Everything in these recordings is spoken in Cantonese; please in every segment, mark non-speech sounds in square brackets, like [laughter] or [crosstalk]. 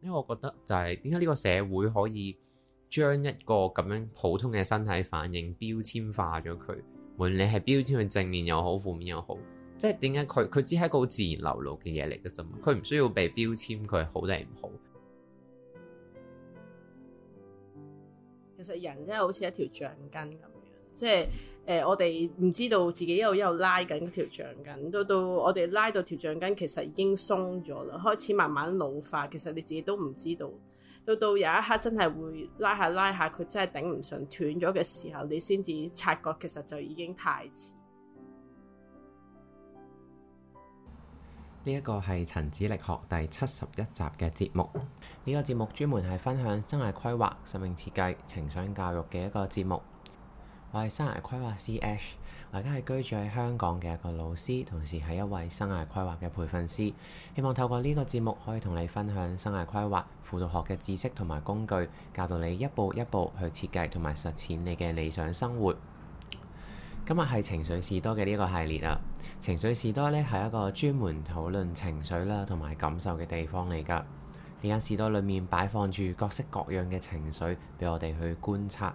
因為我覺得就係點解呢個社會可以將一個咁樣普通嘅身體反應標籤化咗佢，無論你係標籤嘅正面又好，負面又好，即係點解佢佢只係一個好自然流露嘅嘢嚟嘅啫嘛，佢唔需要被標籤佢好定唔好。其實人真係好似一條橡筋咁樣，即係。誒、呃，我哋唔知道自己一路一路拉緊條橡筋，到到我哋拉到條橡筋，其實已經鬆咗啦，開始慢慢老化。其實你自己都唔知道，到到有一刻真係會拉下拉下，佢真係頂唔順斷咗嘅時候，你先至察覺，其實就已經太遲。呢一個係陳子力學第七十一集嘅節目。呢、呢個節目專門係分享生涯規劃、生命設計、情商教育嘅一個節目。我係生涯規劃師 Ash，我而家係居住喺香港嘅一個老師，同時係一位生涯規劃嘅培訓師。希望透過呢個節目，可以同你分享生涯規劃輔導學嘅知識同埋工具，教導你一步一步去設計同埋實踐你嘅理想生活。今日係情緒士多嘅呢個系列啊。情緒士多呢係一個專門討論情緒啦同埋感受嘅地方嚟㗎。呢間士多裏面擺放住各式各樣嘅情緒，俾我哋去觀察。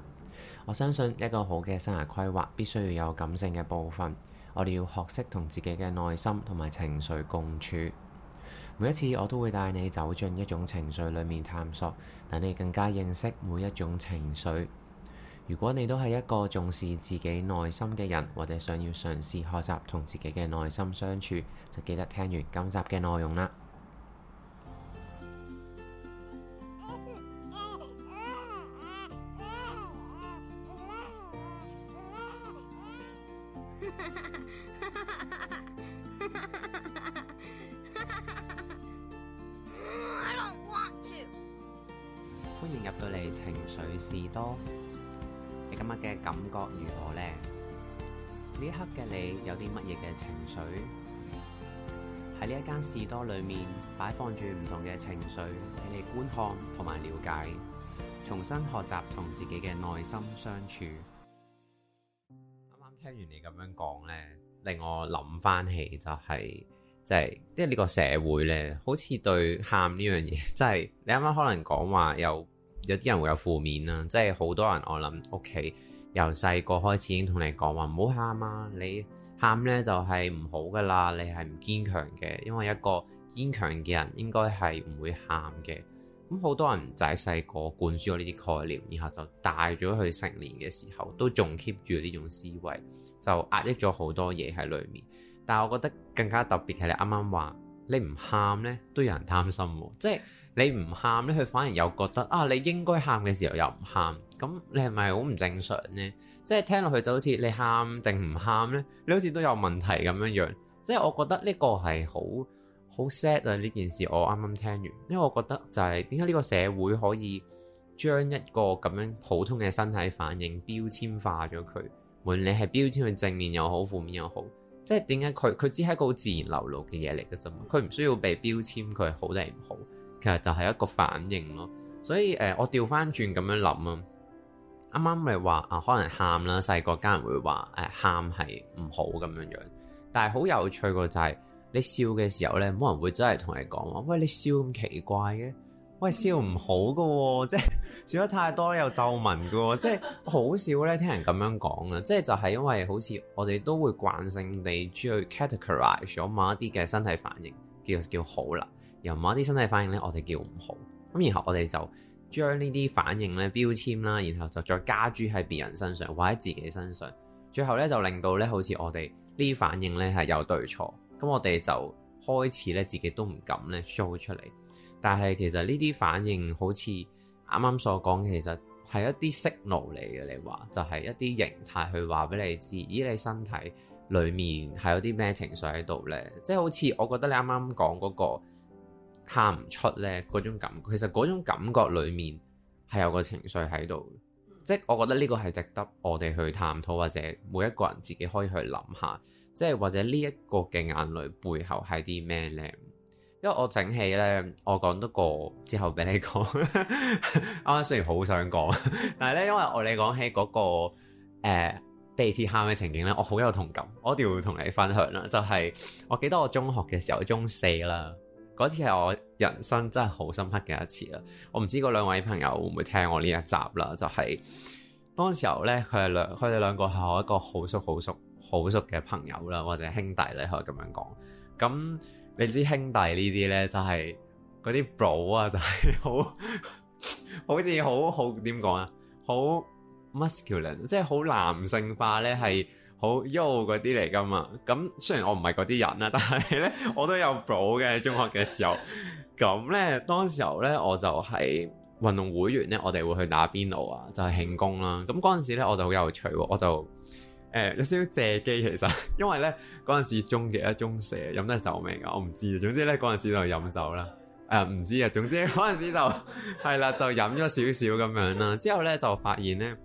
我相信一個好嘅生涯規劃必須要有感性嘅部分。我哋要學識同自己嘅內心同埋情緒共處。每一次我都會帶你走進一種情緒裏面探索，等你更加認識每一種情緒。如果你都係一個重視自己內心嘅人，或者想要嘗試學習同自己嘅內心相處，就記得聽完今集嘅內容啦。水，你嚟觀看同埋了解，重新學習同自己嘅內心相處。啱啱聽完你咁樣講咧，令我諗翻起就係即係，即係呢個社會咧，好似對喊呢樣嘢，即係你啱啱可能講話有有啲人會有負面啦，即係好多人我諗屋企由細個開始已經同你講話唔好喊啊，你喊咧就係唔好噶啦，你係唔堅強嘅，因為一個。堅強嘅人應該係唔會喊嘅。咁好多人就喺細個灌輸咗呢啲概念，然後就大咗去成年嘅時候都仲 keep 住呢種思維，就壓抑咗好多嘢喺裏面。但係，我覺得更加特別係你啱啱話你唔喊呢，都有人擔心喎，即係你唔喊呢，佢反而又覺得啊，你應該喊嘅時候又唔喊，咁你係咪好唔正常呢？即係聽落去就好似你喊定唔喊呢，你好似都有問題咁樣樣。即係我覺得呢個係好。好 sad 啊！呢件事我啱啱聽完，因為我覺得就係點解呢個社會可以將一個咁樣普通嘅身體反應標籤化咗佢？無論你係標籤佢正面又好，負面又好，即係點解佢佢只係一個好自然流露嘅嘢嚟嘅啫嘛？佢唔需要被標籤佢好定唔好，其實就係一個反應咯。所以誒、呃，我調翻轉咁樣諗啊，啱啱咪話啊，可能喊啦，細個家人會話誒喊係唔好咁樣樣，但係好有趣嘅就係、是。你笑嘅時候咧，冇人會真係同你講話。喂，你笑咁奇怪嘅，喂，笑唔好㗎喎，即係笑得太多有皺紋㗎喎， [laughs] 即係好少咧。聽人咁樣講啦，即係就係因為好似我哋都會慣性地去 categorize 咗某一啲嘅身體反應叫叫好啦，由某一啲身體反應咧，我哋叫唔好咁。然後我哋就將呢啲反應咧標籤啦，然後就再加諸喺別人身上或者自己身上，最後咧就令到咧好似我哋呢啲反應咧係有對錯。咁我哋就開始咧，自己都唔敢咧 show 出嚟。但係其實呢啲反應好似啱啱所講，其實係一啲 signal 嚟嘅。你話就係、是、一啲形態去話俾你知，咦？你身體裡面係有啲咩情緒喺度咧？即、就、係、是、好似我覺得你啱啱講嗰個喊唔出咧嗰種感覺，其實嗰種感覺裡面係有個情緒喺度。即、就、係、是、我覺得呢個係值得我哋去探討，或者每一個人自己可以去諗下。即係或者呢一個嘅眼淚背後係啲咩咧？因為我整起咧，我講得過之後俾你講。啱 [laughs] 啱、啊、雖然好想講，但係咧，因為我哋講起嗰、那個地鐵喊嘅情景咧，我好有同感，我哋會同你分享啦。就係、是、我記得我中學嘅時候，中四啦，嗰次係我人生真係好深刻嘅一次啦。我唔知嗰兩位朋友會唔會聽我呢一集啦。就係、是、當時候咧，佢係兩佢哋兩個係我一個好熟好熟。好熟嘅朋友啦，或者兄弟咧，可以咁樣講。咁你知兄弟呢啲咧，就係嗰啲 bro 啊，就係、是、 [laughs] 好好似好好點講啊，好 masculine，即係好男性化咧，係好腰嗰啲嚟噶嘛。咁雖然我唔係嗰啲人啦，但係咧我都有 bro 嘅。中學嘅時候，咁 [laughs] 咧當時候咧我就係、是、運動會完咧，我哋會去打邊爐啊，就係慶功啦。咁嗰陣時咧我就好有趣、啊，我就。誒、欸、有少少借機，其實，因為咧嗰陣時中極一中蛇飲得係酒味㗎，我唔知啊。總之咧嗰陣時就飲酒啦，誒、欸、唔知啊。總之嗰陣時就係啦， [laughs] 就飲咗少少咁樣啦。之後咧就發現咧，誒、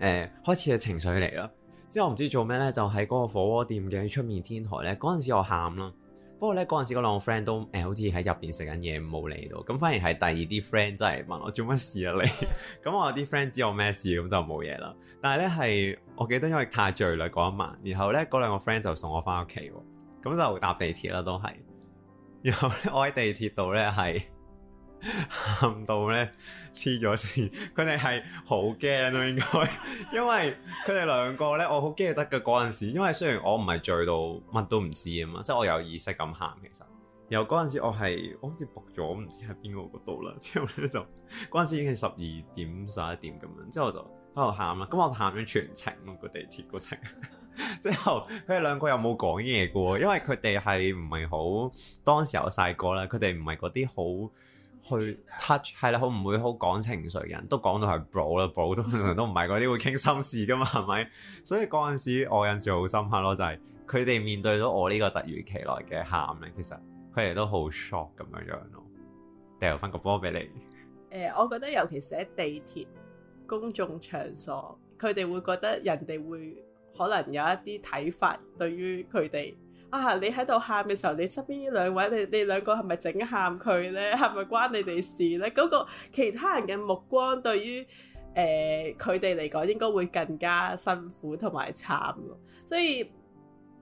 欸、開始係情緒嚟咯。之後我唔知做咩咧，就喺嗰個火鍋店嘅出面天台咧，嗰陣時我喊啦。不過咧，嗰陣時嗰兩個 friend 都誒、呃，好似喺入邊食緊嘢，冇嚟到。咁反而係第二啲 friend 真係問我做乜事啊你。咁 [laughs] 我啲 friend 知我咩事，咁就冇嘢啦。但係咧，係我記得因為太醉啦嗰一晚。然後咧，嗰兩個 friend 就送我翻屋企喎。咁、哦、就搭地鐵啦，都係。然後咧，我喺地鐵度咧係。喊到咧黐咗線，佢哋係好驚咯。應該因為佢哋兩個咧，我好驚得噶嗰陣時，因為雖然我唔係醉到乜都唔知啊嘛，即係我有意識咁喊。其實又嗰陣時我，我係我好似仆咗，唔知喺邊個嗰度啦。之後咧就嗰陣時已經十二點十一點咁樣，之後我就喺度喊啦。咁我喊咗全程咯個地鐵嗰程之 [laughs] 後，佢哋兩個又冇講嘢噶，因為佢哋係唔係好當時我細個啦，佢哋唔係嗰啲好。去 touch 係啦，好唔會好講情緒嘅人都講到係 bro 啦 [laughs] ，bro 都都唔係嗰啲會傾心事噶嘛，係咪？所以嗰陣時我印象好深刻咯，就係佢哋面對到我呢個突如其來嘅喊咧，其實佢哋都好 shock 咁樣樣咯。掉翻個波 a 俾你。誒、欸，我覺得尤其喺地鐵公眾場所，佢哋會覺得人哋會可能有一啲睇法對於佢哋。啊！你喺度喊嘅時候，你側邊呢兩位，你你兩個係咪整喊佢呢？係咪關你哋事呢？嗰個其他人嘅目光對於誒佢哋嚟講，呃、應該會更加辛苦同埋慘，所以。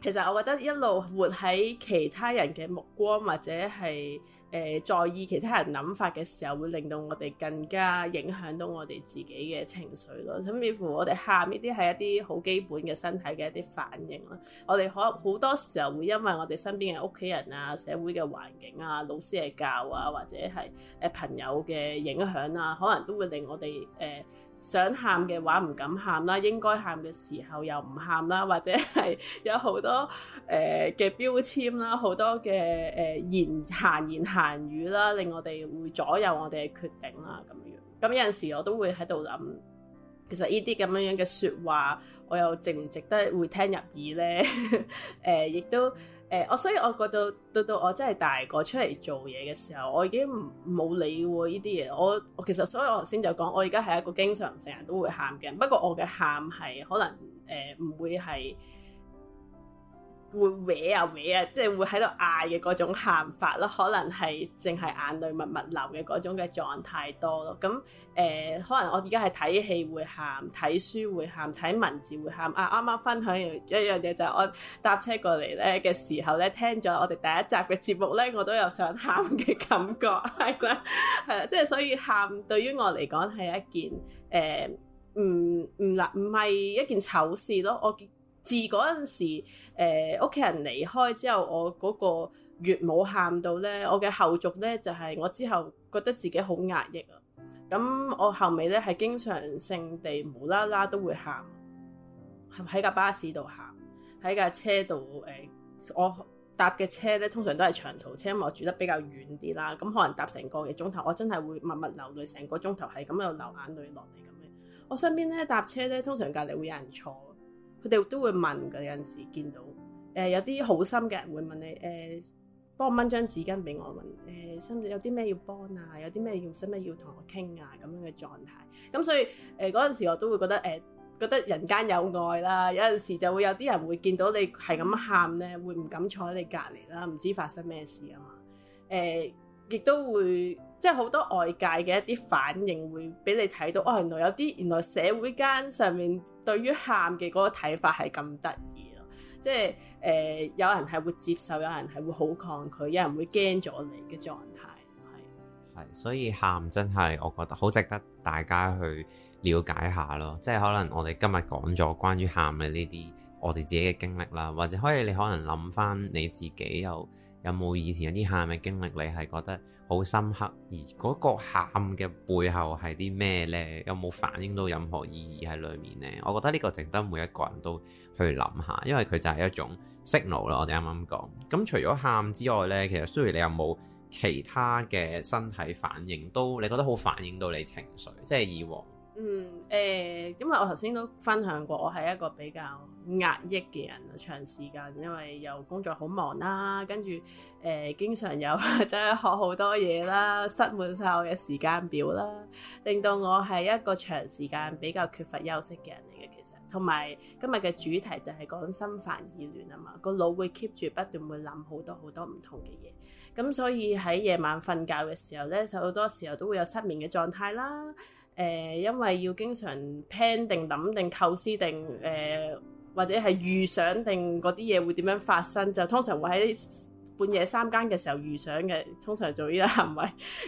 其實我覺得一路活喺其他人嘅目光，或者係誒、呃、在意其他人諗法嘅時候，會令到我哋更加影響到我哋自己嘅情緒咯。甚至乎我哋喊呢啲係一啲好基本嘅身體嘅一啲反應咯。我哋可好多時候會因為我哋身邊嘅屋企人啊、社會嘅環境啊、老師嘅教啊，或者係誒朋友嘅影響啊，可能都會令我哋誒。呃想喊嘅話唔敢喊啦，應該喊嘅時候又唔喊啦，或者係有好多誒嘅、呃、標籤啦，好多嘅誒、呃、言閒言閒語啦，令我哋會左右我哋嘅決定啦咁樣。咁有陣時我都會喺度諗，其實呢啲咁樣樣嘅説話，我又值唔值得會聽入耳咧？誒、 [laughs] 呃，亦都。誒、呃、所以我覺得，我過到到到我真係大個出嚟做嘢嘅時候，我已經冇理喎呢啲嘢。我我其實所以我，我頭先就講，我而家係一個經常成日都會喊嘅人。不過我嘅喊係可能誒唔、呃、會係。會歪啊歪啊，即係會喺度嗌嘅嗰種喊法咯，可能係淨係眼淚密密流嘅嗰種嘅狀態多咯。咁誒、呃，可能我而家係睇戲會喊，睇書會喊，睇文字會喊。啊，啱啱分享一樣嘢就係、係、我搭車過嚟咧嘅時候咧，聽咗我哋第一集嘅節目咧，我都有想喊嘅感覺係啦，係啦。即 [laughs] 係所以喊對於我嚟講係一件誒唔唔唔係一件醜事咯，我。自嗰陣時，欸、屋企人離開之後，我嗰個月冇喊到咧，我嘅後續咧就係、是、我之後覺得自己好壓抑啊。咁、嗯、我後尾咧係經常性地無啦啦都會喊，喺架巴士度喊，喺架車度誒、欸，我搭嘅車咧通常都係長途車，因為我住得比較遠啲啦，咁可能搭成個幾鐘頭，我真係會默默流淚成個鐘頭，係咁樣流眼淚落嚟咁樣。我身邊咧搭車咧，通常隔離會有人坐。佢哋都會問嘅，有陣時見到，誒、呃、有啲好心嘅人會問你，誒、呃、幫我掹張紙巾俾我問，誒甚至有啲咩要幫啊，有啲咩要，使唔使要同我傾啊咁樣嘅狀態。咁所以誒嗰陣時我都會覺得誒、呃、覺得人間有愛啦。有陣時就會有啲人會見到你係咁喊咧，會唔敢坐喺你隔離啦，唔知發生咩事啊嘛。誒、呃、亦都會。即係好多外界嘅一啲反應會俾你睇到，哦，原來有啲原來社會間上面對於喊嘅嗰個睇法係咁得意咯，即係誒、呃、有人係會接受，有人係會好抗拒，有人會驚咗你嘅狀態，係係，所以喊真係我覺得好值得大家去了解下咯，即係可能我哋今日講咗關於喊嘅呢啲我哋自己嘅經歷啦，或者可以你可能諗返你自己有。有冇以前有啲喊嘅經歷，你係覺得好深刻？而嗰個喊嘅背後係啲咩呢？有冇反映到任何意義喺裏面呢？我覺得呢個值得每一個人都去諗下，因為佢就係一種 signal。我哋啱啱講咁，除咗喊之外呢，其實雖然你有冇其他嘅身體反應，都你覺得好反映到你情緒，即係以往。嗯，誒、欸，因為我頭先都分享過，我係一個比較壓抑嘅人啊，長時間因為又工作好忙啦，跟住誒、欸、經常有，真係學好多嘢啦，塞滿晒我嘅時間表啦，令到我係一個長時間比較缺乏休息嘅人嚟嘅。其實，同埋今日嘅主題就係講心煩意亂啊嘛，個腦會 keep 住不斷會諗好多好多唔同嘅嘢，咁所以喺夜晚瞓覺嘅時候呢，就好多時候都會有失眠嘅狀態啦。誒，因為要經常 plan 定諗定構思定誒，或者係預想定嗰啲嘢會點樣發生，就通常會喺半夜三更嘅時候預想嘅，通常做呢啲行為，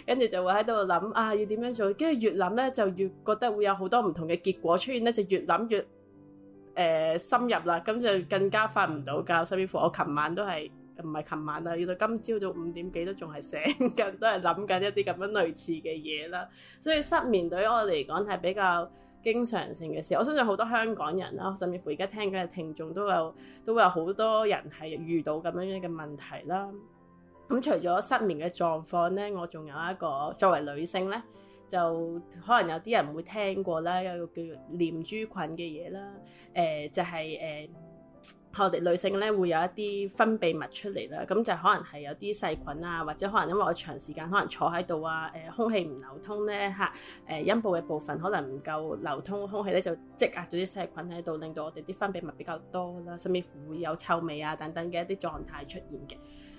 跟住就會喺度諗啊要點樣做，跟住越諗呢就越覺得會有好多唔同嘅結果出現呢，就越諗越誒深入啦，咁就更加瞓唔到覺。甚至乎我琴晚都係。唔係琴晚啊，要到今朝早五點幾都仲係醒緊都係諗緊一啲咁樣類似嘅嘢啦，所以失眠對於我嚟講係比較經常性嘅事。我相信好多香港人啦，甚至乎而家聽緊嘅聽眾都有都會有好多人係遇到咁樣嘅問題啦。咁除咗失眠嘅狀況咧，我仲有一個作為女性咧，就可能有啲人會聽過啦，有一個叫做念珠菌嘅嘢啦，誒就係誒。我哋女性咧會有一啲分泌物出嚟啦，咁就可能係有啲細菌啊，或者可能因為我長時間可能坐喺度啊，誒、呃、空氣唔流通呢。嚇誒陰部嘅部分可能唔夠流通空氣呢，就積壓咗啲細菌喺度，令到我哋啲分泌物比較多啦，甚至乎會有臭味啊等等嘅一啲狀態出現嘅。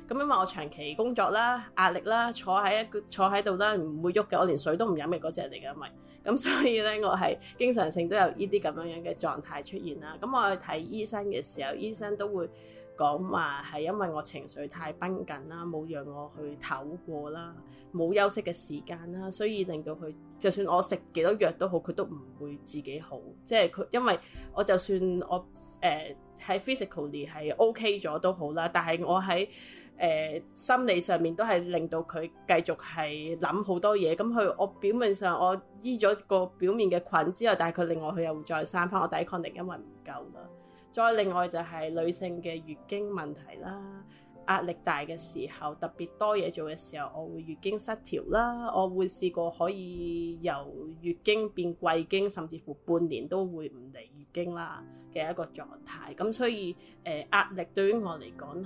咁因為我長期工作啦、壓力啦、坐喺一坐喺度啦，唔會喐嘅，我連水都唔飲嘅嗰隻嚟嘅，咪咁所以呢，我係經常性都有呢啲咁樣樣嘅狀態出現啦。咁我去睇醫生嘅時候，醫生都會講話係因為我情緒太繃緊啦，冇讓我去唞過啦，冇休息嘅時間啦，所以令到佢，就算我食幾多藥都好，佢都唔會自己好。即係佢，因為我就算我誒喺、呃、physically 係 OK 咗都好啦，但係我喺誒、呃、心理上面都係令到佢繼續係諗好多嘢。咁、嗯、佢我表面上我醫咗個表面嘅菌之後，但係佢另外佢又會再生返。我抵抗力因為唔夠啦。再另外就係女性嘅月經問題啦，壓力大嘅時候，特別多嘢做嘅時候，我會月經失調啦。我會試過可以由月經變季經，甚至乎半年都會唔嚟月經啦嘅一個狀態。咁、嗯、所以誒壓、呃、力對於我嚟講係誒。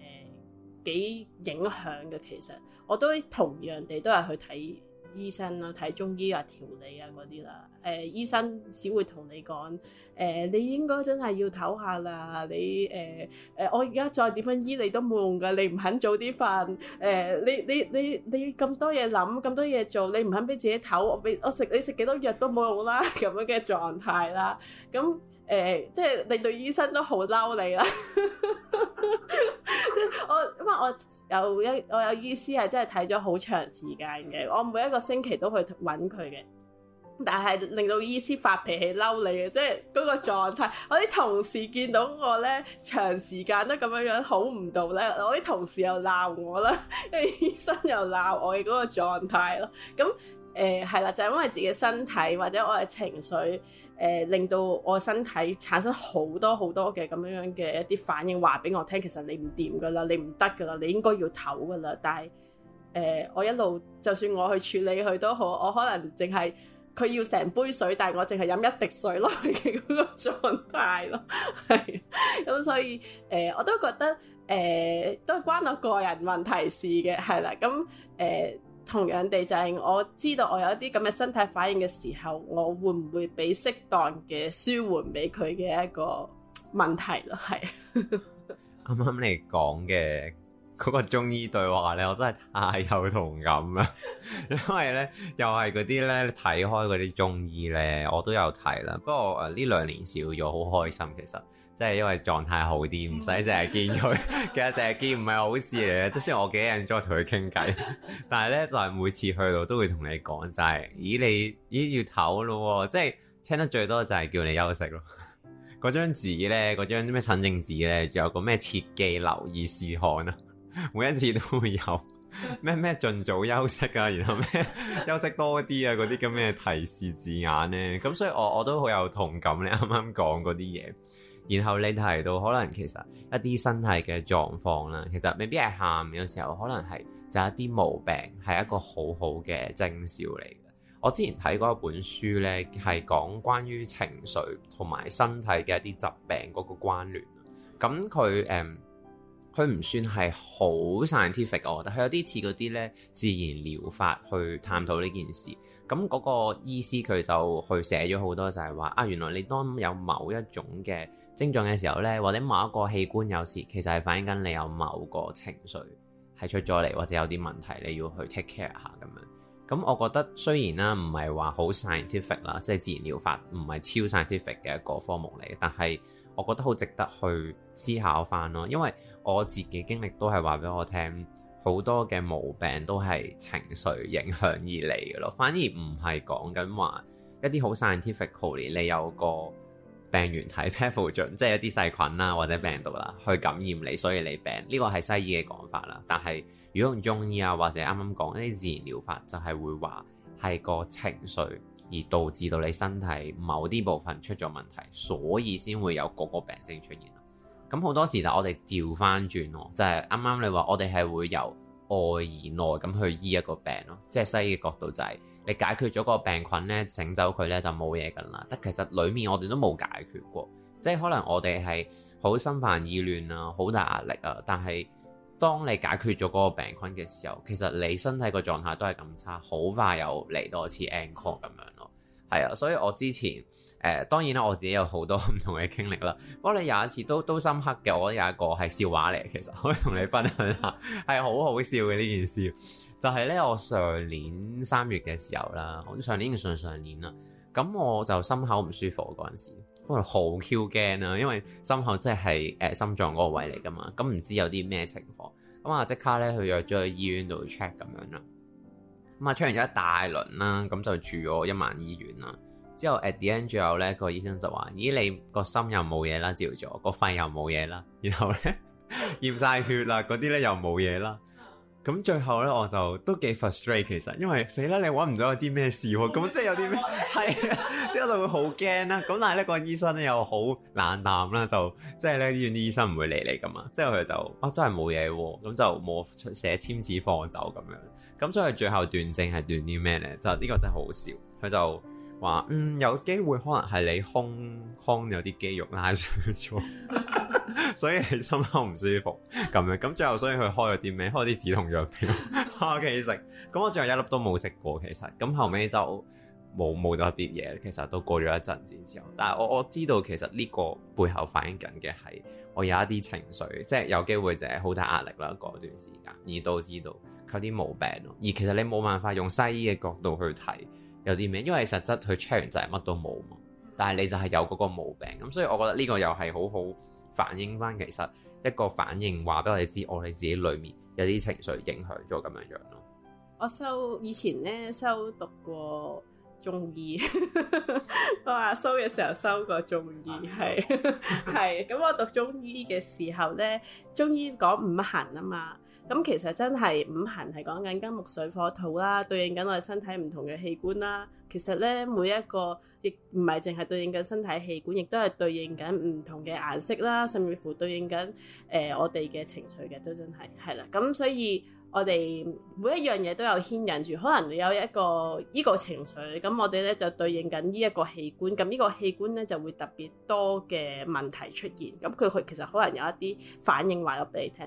呃幾影響嘅其實，我都同樣地都係去睇醫生啦，睇中醫啊，調理啊嗰啲啦。誒、呃、醫生只會同你講，誒、呃、你應該真係要唞下啦。你誒誒、呃呃，我而家再點樣醫你都冇用噶，你唔肯早啲瞓。誒、呃、你你你你咁多嘢諗，咁多嘢做，你唔肯俾自己唞。我俾我食你食幾多藥都冇用啦，咁樣嘅狀態啦，咁。誒、欸，即係令到醫生都好嬲你啦！ [laughs] 即係我，因為我有一我有醫師係真係睇咗好長時間嘅，我每一個星期都去揾佢嘅。但係令到醫師發脾氣嬲你嘅，即係嗰個狀態。我啲同事見到我咧，長時間都咁樣樣好唔到咧，我啲同事又鬧我啦，因為醫生又鬧我嘅嗰個狀態咯，咁、嗯。誒係、呃、啦，就係、是、因為自己身體或者我嘅情緒，誒、呃、令到我身體產生好多好多嘅咁樣樣嘅一啲反應，話俾我聽。其實你唔掂噶啦，你唔得噶啦，你應該要唞噶啦。但係誒、呃，我一路就算我去處理佢都好，我可能淨係佢要成杯水，但係我淨係飲一滴水咯嘅嗰個狀態咯。係 [laughs] 咁，所以誒、呃、我都覺得誒、呃、都係關我個人問題事嘅係啦。咁誒。呃同樣地，就係我知道我有一啲咁嘅身體反應嘅時候，我會唔會俾適當嘅舒緩俾佢嘅一個問題咯？係啱啱你講嘅嗰個中醫對話咧，我真係太有同感啦！ [laughs] 因為咧，又係嗰啲咧睇開嗰啲中醫咧，我都有睇啦。不過誒，呢兩年少咗，好開心其實。即係因為狀態好啲，唔使成日見佢。其實成日見唔係好事嚟嘅，都算我幾 enjoy 同佢傾偈。但係咧，就係、是、每次去到都會同你講，就係、是：咦，你咦要唞咯？即係聽得最多就係叫你休息咯。嗰 [laughs] 張紙咧，嗰張咩診症紙咧，仲有個咩切記留意視看啊！ [laughs] 每一次都會有咩咩盡早休息啊，然後咩休息多啲啊，嗰啲咁咩提示字眼咧。咁所以我我都好有同感。你啱啱講嗰啲嘢。然後你提到可能其實一啲身體嘅狀況啦，其實未必係喊，有時候可能係就是、一啲毛病係一個好好嘅徵兆嚟嘅。我之前睇過一本書咧，係講關於情緒同埋身體嘅一啲疾病嗰個關聯。咁佢誒佢唔算係好 scientific，我覺得佢有啲似嗰啲咧自然療法去探討呢件事。咁嗰個醫師佢就去寫咗好多就係話啊，原來你當有某一種嘅。症狀嘅時候呢，或者某一個器官有事，其實係反映緊你有某個情緒係出咗嚟，或者有啲問題你要去 take care 下咁樣。咁我覺得雖然啦，唔係話好 scientific 啦，即係自然療法唔係超 scientific 嘅一個科目嚟，但係我覺得好值得去思考翻咯。因為我自己經歷都係話俾我聽，好多嘅毛病都係情緒影響而嚟嘅咯，反而唔係講緊話一啲好 scientifically，你有個。病原體、pathogen，即係一啲細菌啦，或者病毒啦，去感染你，所以你病。呢個係西醫嘅講法啦。但係如果用中醫啊，或者啱啱講一啲自然療法，就係、是、會話係個情緒而導致到你身體某啲部分出咗問題，所以先會有嗰個病症出現。咁好多時，但我哋調翻轉咯，就係啱啱你話，我哋係會由外而內咁去醫一個病咯，即係西醫嘅角度就係、是。你解決咗個病菌咧，整走佢咧就冇嘢噶啦。但其實裡面我哋都冇解決過，即係可能我哋係好心煩意亂啊，好大壓力啊。但係當你解決咗嗰個病菌嘅時候，其實你身體個狀態都係咁差，好快又嚟多次 anchor 咁樣咯。係啊，所以我之前。誒，當然啦，我自己有好多唔同嘅經歷啦。不過你有一次都都深刻嘅，我有一個係笑話嚟，其實可以同你分享下，係 [laughs] 好好笑嘅呢件事。就係、是、咧，我上年三月嘅時候啦，我上年定上上年啦，咁我就心口唔舒服嗰陣時，因為我好 Q 驚啦，因為心口即係誒心臟嗰個位嚟噶嘛，咁唔知有啲咩情況，咁啊即刻咧去約咗去醫院度 check 咁樣啦。咁啊 check 完咗一大輪啦，咁就住咗一晚醫院啦。之後 at the end，最後咧個醫生就話：咦，你個心又冇嘢啦，照咗個肺又冇嘢啦，然後咧驗晒血啦，嗰啲咧又冇嘢啦。咁最後咧我就都幾 frustrate 其實，因為死啦，你搵唔到有啲咩事，啊，咁即係有啲咩，係即係我就會好驚啦。咁但係咧個醫生咧又好冷淡啦，就即係咧醫院啲醫生唔會理你噶嘛。之後佢就啊真係冇嘢，咁就冇出寫簽紙放走咁樣。咁所以最後斷症係斷啲咩咧？就呢個真係好笑，佢就。話嗯，有機會可能係你胸腔有啲肌肉拉傷咗， [laughs] [laughs] 所以你心口唔舒服咁樣。咁最後所以佢開咗啲咩？開啲止痛藥俾我食。咁我最後一粒都冇食過，其實。咁後尾就冇冇咗啲嘢，其實都過咗一陣子之後。但係我我知道，其實呢個背後反映緊嘅係我有一啲情緒，即係有機會就係好大壓力啦，嗰段時間而導致到佢啲毛病咯。而其實你冇辦法用西醫嘅角度去睇。有啲咩？因為實質佢 check 完就係乜都冇嘛，但係你就係有嗰個毛病，咁所以我覺得呢個又係好好反映翻其實一個反應話俾我哋知我哋自己裏面有啲情緒影響咗咁樣樣咯。我收以前咧收讀過中醫，我 [laughs] 阿叔嘅時候收過中醫，係係。咁我讀中醫嘅時候咧，中醫講五行啊嘛。咁其實真係五行係講緊金木水火土啦，對應緊我哋身體唔同嘅器官啦。其實咧每一個亦唔係淨係對應緊身體器官，亦都係對應緊唔同嘅顏色啦，甚至乎對應緊誒、呃、我哋嘅情緒嘅都真係係啦。咁所以。我哋每一樣嘢都有牽引住，可能你有一個呢、這個情緒，咁我哋咧就對應緊呢一個器官，咁、這、呢個器官咧就會特別多嘅問題出現，咁佢佢其實可能有一啲反應話咗俾你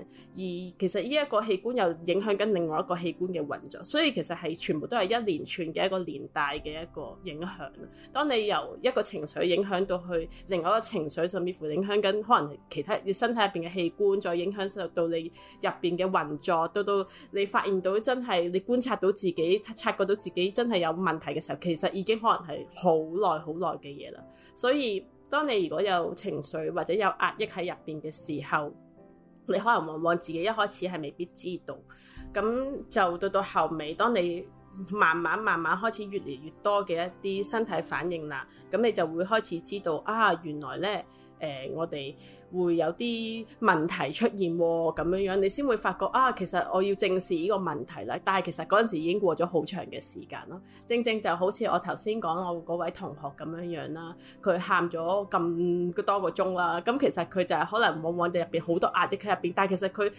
聽，而其實呢一個器官又影響緊另外一個器官嘅運作，所以其實係全部都係一連串嘅一個連帶嘅一個影響。當你由一個情緒影響到去另外一個情緒，甚至乎影響緊可能其他你身體入邊嘅器官，再影響受到你入邊嘅運作，都都～你發現到真係你，觀察到自己，察覺到自己真係有問題嘅時候，其實已經可能係好耐好耐嘅嘢啦。所以，當你如果有情緒或者有壓抑喺入邊嘅時候，你可能往往自己一開始係未必知道。咁就到到後尾，當你慢慢慢慢開始越嚟越多嘅一啲身體反應啦，咁你就會開始知道啊，原來呢。誒、呃，我哋會有啲問題出現咁、哦、樣樣，你先會發覺啊，其實我要正視呢個問題啦。但係其實嗰陣時已經過咗好長嘅時間咯。正正就好似我頭先講我嗰位同學咁樣樣啦，佢喊咗咁多個鐘啦。咁、嗯、其實佢就係可能往往就入邊好多壓抑喺入邊，但係其實佢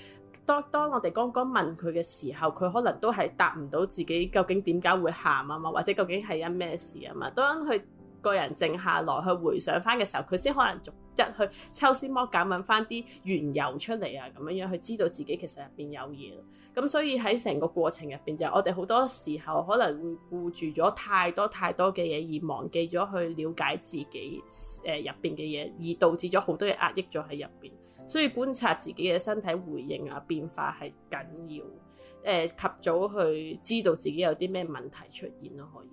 當當我哋剛剛問佢嘅時候，佢可能都係答唔到自己究竟點解會喊啊嘛，或者究竟係因咩事啊嘛。當佢個人靜下來去回想翻嘅時候，佢先可能逐一去抽絲剝繭揾翻啲原由出嚟啊，咁樣樣去知道自己其實入邊有嘢。咁所以喺成個過程入邊就，我哋好多時候可能會顧住咗太多太多嘅嘢，而忘記咗去了解自己誒入邊嘅嘢，而導致咗好多嘢壓抑咗喺入邊。所以觀察自己嘅身體回應啊、變化係緊要，誒、呃、及早去知道自己有啲咩問題出現咯，可以。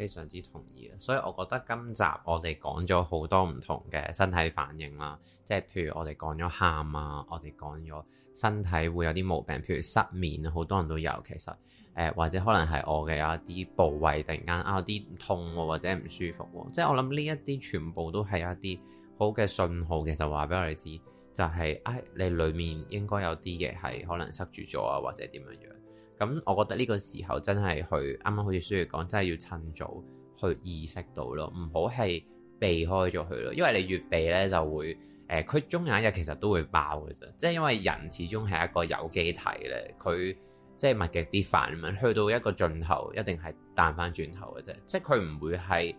非常之同意啊，所以我覺得今集我哋講咗好多唔同嘅身體反應啦，即係譬如我哋講咗喊啊，我哋講咗身體會有啲毛病，譬如失眠，好多人都有。其實誒、呃，或者可能係我嘅有一啲部位突然間啊，有啲痛、啊、或者唔舒服、啊。即係我諗呢一啲全部都係一啲好嘅信號，其實就話俾我哋知，就係誒你裡面應該有啲嘢係可能塞住咗啊，或者點樣樣。咁、嗯、我覺得呢個時候真係去啱啱好似書入講，真係要趁早去意識到咯，唔好係避開咗佢咯。因為你越避呢，就會誒，佢終有一日其實都會爆嘅啫。即係因為人始終係一個有機體咧，佢即係物極必反咁樣，去到一個盡頭一定係彈翻轉頭嘅啫。即係佢唔會係，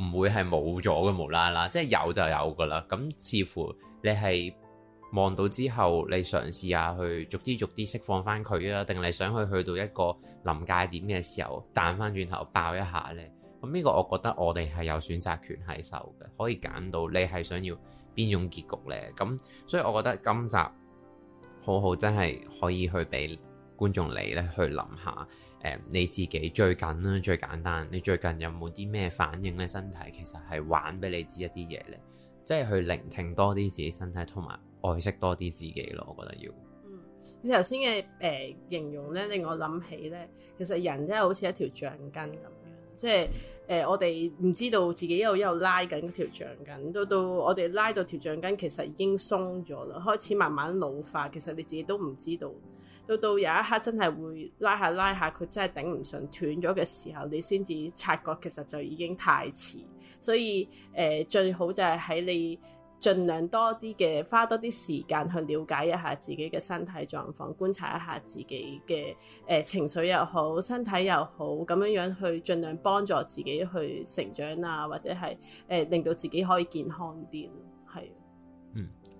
唔會係冇咗嘅，無啦啦，即係有就有㗎啦。咁、嗯、似乎你係。望到之後，你嘗試下去逐啲逐啲釋放翻佢啦，定你想去去到一個臨界點嘅時候彈翻轉頭爆一下呢？咁呢個我覺得我哋係有選擇權喺手嘅，可以揀到你係想要邊種結局咧。咁所以我覺得今集好好，真係可以去俾觀眾你咧去諗下，誒、嗯、你自己最近啦，最簡單，你最近有冇啲咩反應呢？身體其實係玩俾你知一啲嘢呢，即係去聆聽多啲自己身體同埋。愛惜多啲自己咯，我覺得要。嗯，你頭先嘅誒形容咧，令我諗起咧，其實人真係好似一條橡筋咁樣，即係誒、呃、我哋唔知道自己一路一路拉緊條橡筋，到到我哋拉到條橡筋其實已經鬆咗啦，開始慢慢老化，其實你自己都唔知道，到到有一刻真係會拉下拉下，佢真係頂唔順斷咗嘅時候，你先至察覺其實就已經太遲，所以誒、呃、最好就係喺你。盡量多啲嘅，花多啲時間去了解一下自己嘅身體狀況，觀察一下自己嘅誒、呃、情緒又好，身體又好，咁樣樣去盡量幫助自己去成長啊，或者係誒、呃、令到自己可以健康啲。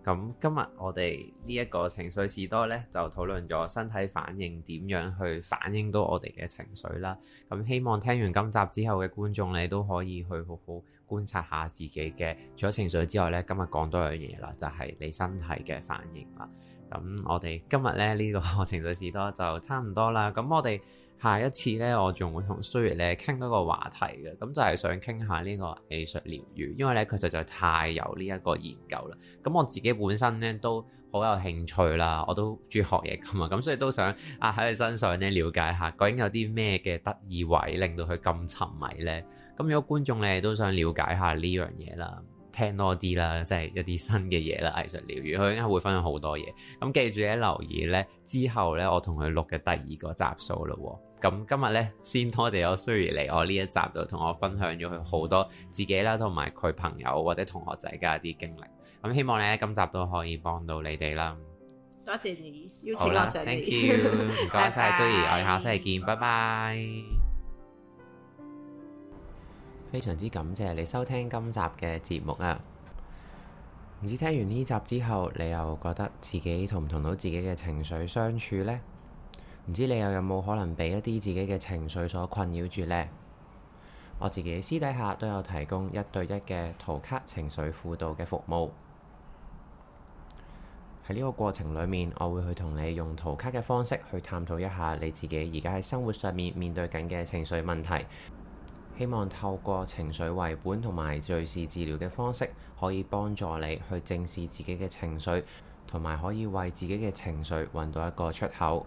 咁今日我哋呢一個情緒士多呢，就討論咗身體反應點樣去反映到我哋嘅情緒啦。咁希望聽完今集之後嘅觀眾呢，都可以去好好觀察下自己嘅。除咗情緒之外呢，今日講多樣嘢啦，就係你身體嘅反應啦。咁我哋今日呢，呢呢個 [laughs] 情緒士多就差唔多啦。咁我哋下一次呢，我仲會同蘇 r i 傾多個話題嘅，咁就係想傾下呢個藝術聊語，因為呢，佢實在太有呢一個研究啦。咁我自己本身呢，都好有興趣啦，我都中意學嘢咁啊，咁所以都想壓喺佢身上呢，了解下究竟有啲咩嘅得意位令到佢咁沉迷呢。咁如果觀眾咧都想了解下呢樣嘢啦，聽多啲啦，即、就、係、是、一啲新嘅嘢啦，藝術聊語佢應該會分享好多嘢。咁記住咧，留意呢之後呢，我同佢錄嘅第二個集數咯。咁今日咧，先多謝，謝 s 我 s Zoe 嚟我呢一集就同我分享咗佢好多自己啦，同埋佢朋友或者同學仔嘅一啲經歷。咁希望你今集都可以幫到你哋啦。多謝，謝你，邀請我上嚟。好啦，Thank you，唔該晒 Zoe，我哋下星期見，拜拜 [laughs] bye。非常之感謝你收聽今集嘅節目啊！唔知聽完呢集之後，你又覺得自己同唔同到自己嘅情緒相處呢？唔知你又有冇可能俾一啲自己嘅情緒所困擾住呢？我自己私底下都有提供一對一嘅圖卡情緒輔導嘅服務。喺呢個過程裏面，我會去同你用圖卡嘅方式去探討一下你自己而家喺生活上面面對緊嘅情緒問題。希望透過情緒為本同埋敘事治療嘅方式，可以幫助你去正視自己嘅情緒，同埋可以為自己嘅情緒揾到一個出口。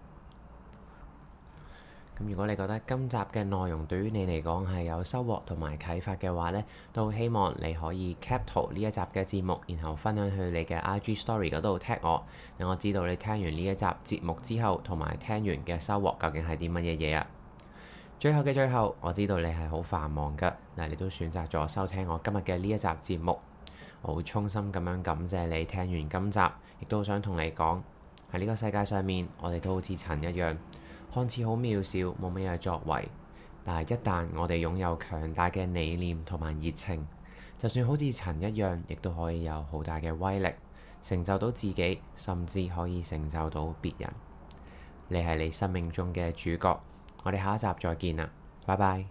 咁如果你覺得今集嘅內容對於你嚟講係有收穫同埋啟發嘅話，呢都希望你可以 cap 圖呢一集嘅節目，然後分享去你嘅 IG story 嗰度 tag 我，令我知道你聽完呢一集節目之後同埋聽完嘅收穫究竟係啲乜嘢嘢啊！最後嘅最後，我知道你係好繁忙噶，嗱你都選擇咗收聽我今日嘅呢一集節目，我好衷心咁樣感謝你聽完今集，亦都想同你講喺呢個世界上面，我哋都好似塵一樣。看似好渺小，冇咩嘢作為，但係一旦我哋擁有強大嘅理念同埋熱情，就算好似塵一樣，亦都可以有好大嘅威力，成就到自己，甚至可以成就到別人。你係你生命中嘅主角。我哋下一集再見喇，拜拜。